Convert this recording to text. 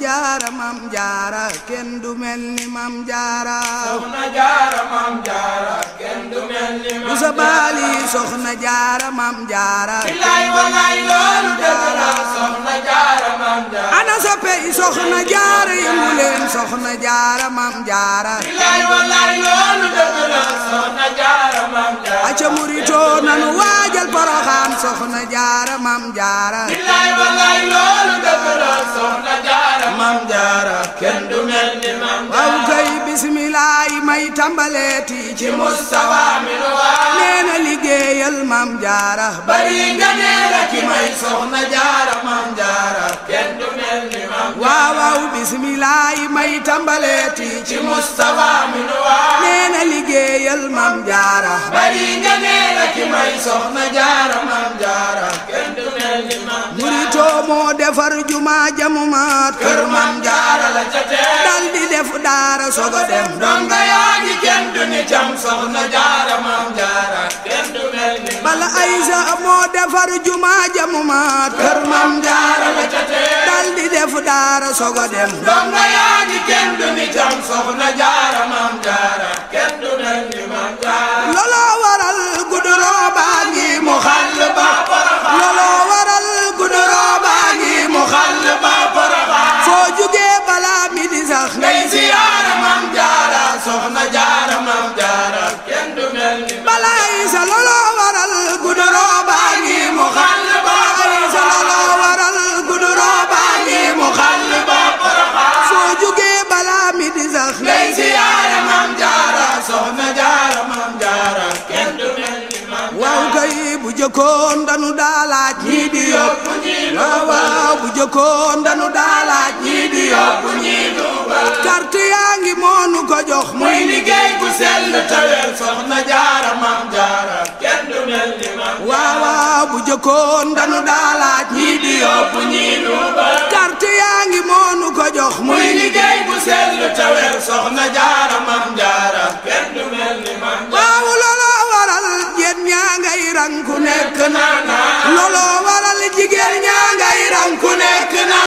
jaara mam jaara kenn du mel ni mam jaara soxna jaara mam jaara kenn du mel ni mam jaara bu sa baali soxna jaara mam jaara bilaay walaay loolu dëgg la soxna jaara mam jaara ana sa pey soxna jaara yëngu leen soxna jaara mam jaara bilaay walaay loolu dëgg la soxna jaara mam jaara aca muritoo nanu waajal poroxaan soxna jaara mam jaara bilaay walaay may tàmbaleeti ci Moustapha mi nu waar nee na liggéeyal maam jaara bari nga nee la ki may soxna jaara maam jaara kenn du mel ni maam waaw waaw bismilaahi may tàmbaleeti ci Moustapha mi nu waar nee na liggéeyal maam jaara bari nga nee la ki may soxna jaara maam jaara kenn du mel ni maam jaara muritoo moo defar jumaa jamumaat kër maam jaara la ca tee dal di def daara sogo dem defar jumaa ja mu maat kër mam jaara la ca tee dal di def daara sogo dem donga yaa ngi kenn du ni jam soxna jaara jëkkoon danu daalaaj ñii di yóbbu ñii waaw bu jëkkoon danu daalaaj ñii di yóbbu ñii duubal carte yaa moonu ko muy liggéey bu sell tawel soxna jaara maam jaara kenn du mel maam waaw waaw bu jëkkoon danu daalaaj ñii di yóbbu ñii nekk naa naa looloo waral jigéen ñaa ngay ku nekk naa